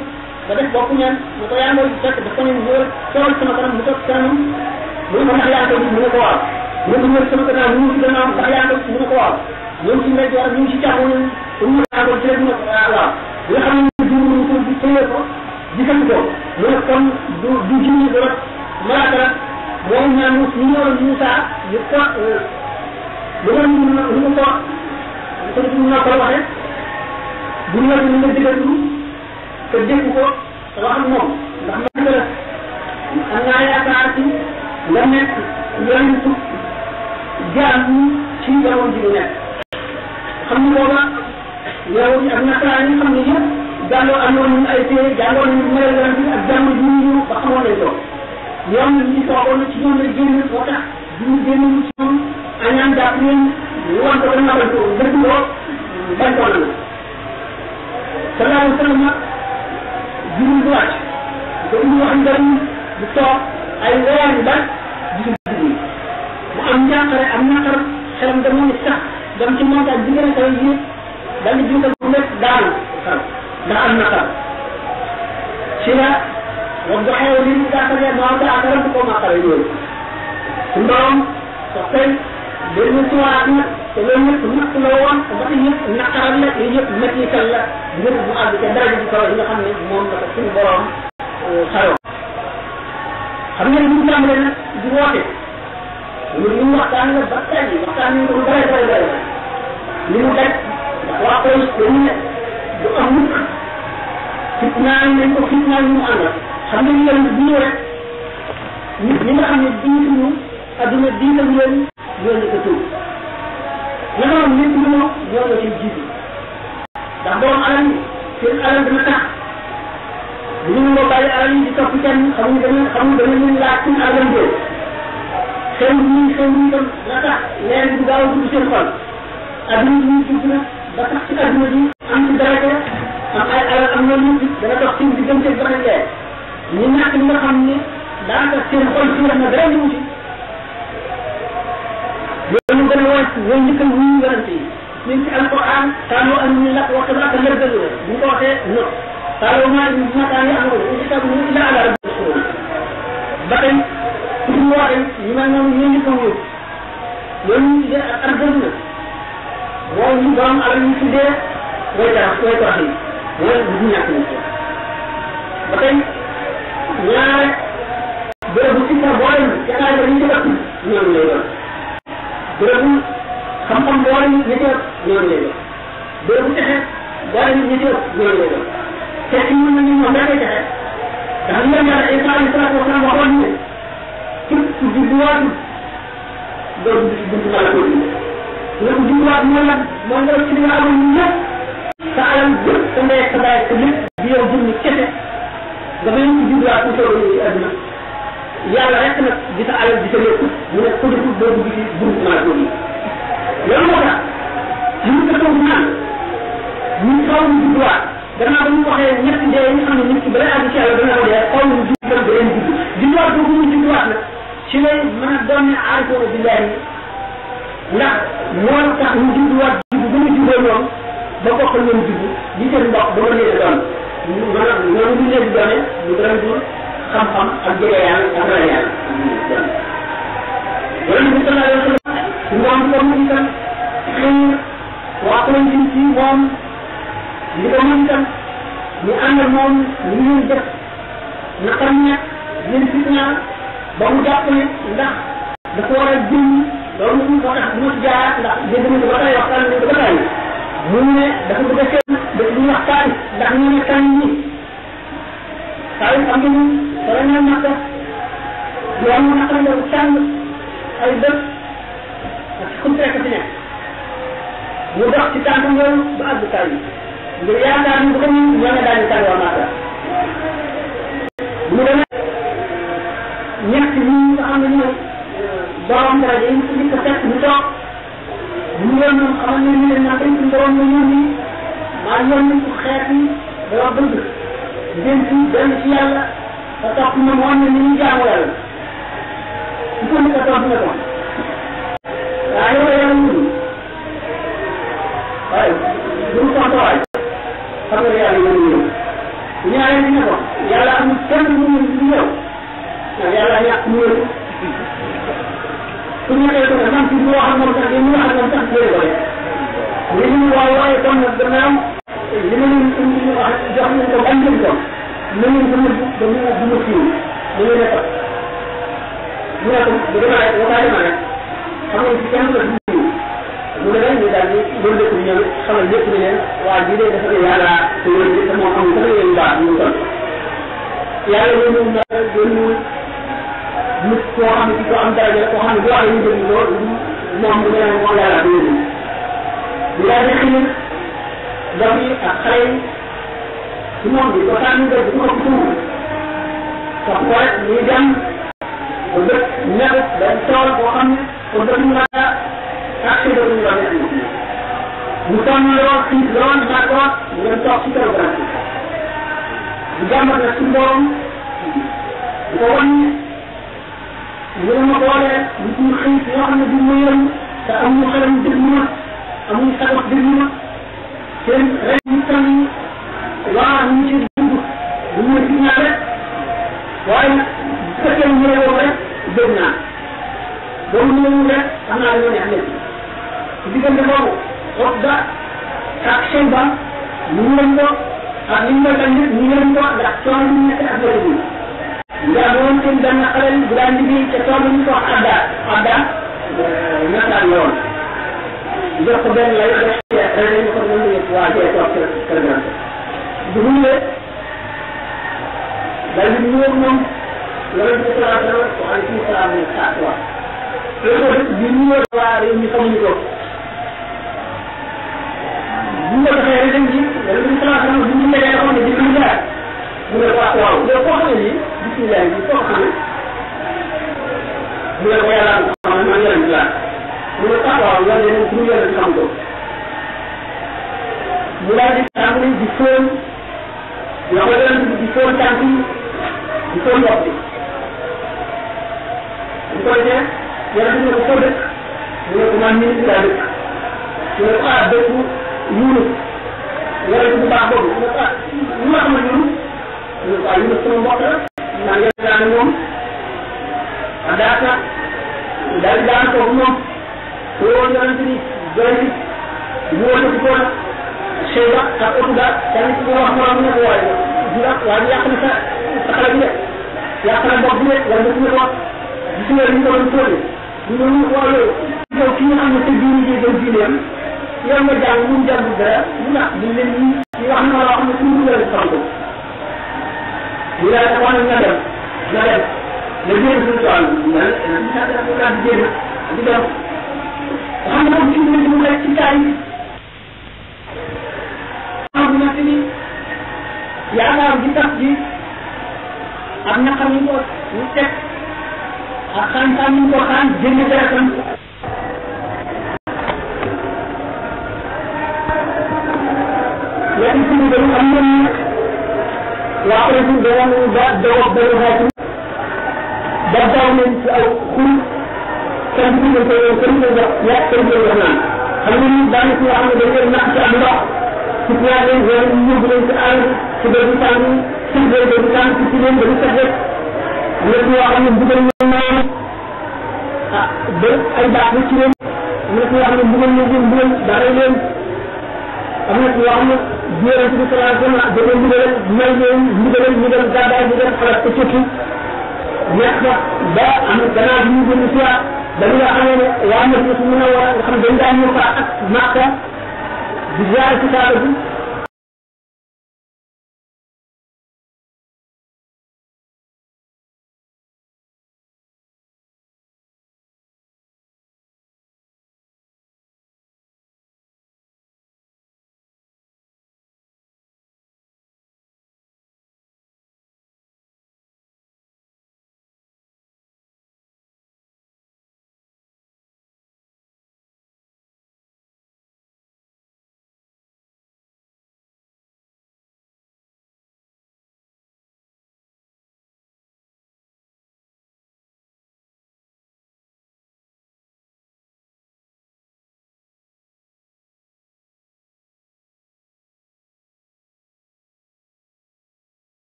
ba def bokk ñaan mu ko yaa ngoy fekk ba koñu musóor sool sama kanam mu toog kanamam mu ne ko ndax yaa ko mu ne ko waaw mu ne ko ñëw sama kanam mu ci gannaaw ndax yaa ko mu ne ko waaw ñëw ci mbedd war ñëw ci càmmoñ ñu mu ne ko waaw bi nga xam ne téye ko jëfandikoo loolu kon du du jinni la malaaka la mooy ñaan mu ñu ñëwoon Moussa ñu ko euh, lu ma ñu ñu ko sëñ bi ñu ko waxee bu ñu waxee ñu nga déglu te dégg ko wax ak moom ndax man la am naa yaakaar ci la nekk yonentu jaam ñi ci jamono ji ñu nekk xam nga booba yow ak nasaraan yi xam ne yëpp jàngoo amoon nañu ay téere jàngoo nañu mel ne bi ak jàng ñu ba xamoon lay toog ñoom ñu toogoon ci ñoom la génn moo tax bi ñu génn ci ñoom añaan jàpp leen ñu wan ko dañ ko dëgg loo bentoon na sallallahu alayhi wa sallam nag jurul du wàcc ba indi wax ngërëm du toog ay weer yu bari gisul dugg mu am njàqare am naqar xelam damoon sax dem ci montagne bi gën a kawe yéeg daal di jiital mu ለአልመቀም ስለ ወብዱሐ ወሊም ዳከለ ማውዳ አከለም ቆማከለ ይወል እንደውም ሰፈን ለምቱ አክመ ለምት ሁት ለዋን ወጥይት እናቀራለ ይይት መጥይተለ ይሁን ሙአዝ ከደረጀ ይሰራ እንደ ኸም ሞን ተከን ቦራም ሰሮ خمنا نقول كلام لنا دلوقتي ومن وقتها بطل وقتها من البلد لمدة وقت كل يوم fitnaal nañ xam nga ñu leen nga xam ne diituñu adduna diital leen ñoo la ko tëw nga xam nit ñi moom ñoo la ciy jiitu ndax borom alal yi seen alal dana tax bu ñu mënoo bàyyi alal yi di topp kenn xamuñu dana xamuñu dana leen laaj suñu alal boobu seen ñi seen ñi tam la tax leer bi du gaaw a dugg seen xol adduna na ba tax ci am na lu dana dox seen diggante ak doxal leen ñu ñàkk ñi nga xam ne daanaka seen xol ci na dara ñu ci ñooñu gën a wàcc ñooy njëkk a wuyu yonante yi ñun ci alquran taaloo am ñu la waxtu ak lër dëgg la bu ko waxee no taaloo maa ñu ma taan yi amul ñu ci tabu ñu ila ala rabbi rasul ba tey pour mu waxee ñu mel noonu ñoo njëkk a wuyu loolu ñu tuddee ak argëm na waaw ñu borom alal ñu tuddee way tax way tax yi loolu du ñu ñàkk nañ ko ba tey ñaare bérébu sikar boolem yaakaar nañ ci bakk ñoom lay doon bérébu xam-xam boolem ñi ci ñoom lay doon bérébu texe boolem ñi ci ñoom lay doon texe ñu ne ñoom da ngay texe ndax ñoom yàlla Isa alayhi salaatu wasalaam waxoon ne képp ku judduwaat doo dund si dund wala ko dund nga ko judduwaat mooy lan mooy nga ci li nga amoon ñëpp sa alal jël sa ndey sa baay sa lépp di yow jur ni kese nga ba yëngu judduwaat mu soog a ñëw ci àdduna rek nag di sa alal di sa lépp mu ne ko defut doo dugg ci groupement boobu yi loolu moo tax ñu ko toog naan ñu xaw ñu judduwaat gannaaw ba ñu waxee ñetti dee ñu xam nit ki balay àgg ci yàlla dana ko dee xaw ñu judduwaat ba leen judd judduwaat boobu ñu judduwaat nag ci lay mën a doon ne aarifoo bi leer yi ndax moo tax ñu judduwaat judd bu ñu juddoo ba bokkal ñoom jubbu ñi seen mbokk ba leen doon ñu mën a ñu leen doone ñu gën di xam-xam ak jege yàlla ak ragal yàlla loolu bi sallallahu alayhi wa ñu ko mu itam xëy waa ko ci ci moom ko ñu ak moom ñu def na xam ne ba mu ne ndax jëm tax mu jaar ndax ba waxtaan ba mu ne dafa bëgg a seetlu daf ñu wax Taarif ndax ñu ne Taarif bi Taarif am nañu wala ñu am naqar yoo xam ne naqar la bu tàng ay bët ak ci xub rekk ci nekk mu dox ci ba àgg Taarif ngir yaakaar ni bu ko ñun ñoo di tànn waa Maaka mu demee nga xam ne ñoom borom rajo yi ñu ko ñu yoon moom xamal nañ ne naka yi suñu borom la yónni maa yónni pour xeet yi dama bëgg ngeen ci dellu ci yàlla te topp na moom ne ni ñu jaamu waaye ñun ñoo moom loolu ci saa dara waaye ci saa muy saa quoi loolu ñun ñoo waa réew mi xamuñu ko bu ñu ko defee rek dañ ci loolu ci saa dara bu ñu nekkee xam ne gis nga dara mu ne waaw waaw mais koo xam ne nii gis nga dara bi koo xam ne mu ne ko yàlla xam ne man yàlla ci laa mu ne ah waaw loolu yeneen pour yàlla xam ko mu daal di tàmbali di fóon loxo yàlla di fóon tànk yi di ko ndox bi di ko ñëw yàlla dina ko foo dëkk mu ne ko man nii laa dëkk mu ne ko ah dëkku Yunus yàlla bu baax boobu mu ne ko ah ñu ma xamal Yunus mu ne ko ah Yunus sama mbokk la maa ngi daan ak moom ma daata daal di daan toog moom mu woon yonent bi doy bi mu woon ko Sheba ak Otuda tamit mu wax morom ne ko waaye waaye yàq na sa def sa xalaat nekk yaa xalaat mboq bi nekk wala nga suñu wax gis nga li ñu doon tóole ñu ñu xoolee yow ki nga xam ne sa diine ji doon diineem yow nga jàng mu jàng dara mu nax na loo na nga dem nga dem nga génn suñu tool nga nga di di dem xam nga ci ñu mu rek ci gi ak naqar ñu ko ñu teg ak xaan-xaan ñu ko xaan génn deretam yàlla suñu dañu am nañ waa Résil dañoo ba dawa dawa xaatu ba daw nañ ci aw xur kenn du ko koy kenn ko jox yàq kenn ko jox naan ni daanaka ñoo xam ne dañu leen nax ci am ndox ci ñaar leen yóbbu leen ci leen dañu tànn ci leen dañu sax rek lépp yoo xam ne mbugal ñu naan ah ba ay baax la ci leen lépp yoo xam ne mbugal ñu leen mbugal daara leen am na yoo xam ne jéeral ci salaam sama da leen mbugal may leen mbugal ñu dem gaadaa ñu dem xalaat ko cëkki ñàkk ba am gannaaw bi ñu gën si waat dañu nga xamee ne waa Madiina su mën a war a nga xam dañu daan ñëw fa ak Makka di jaar ci saaba bi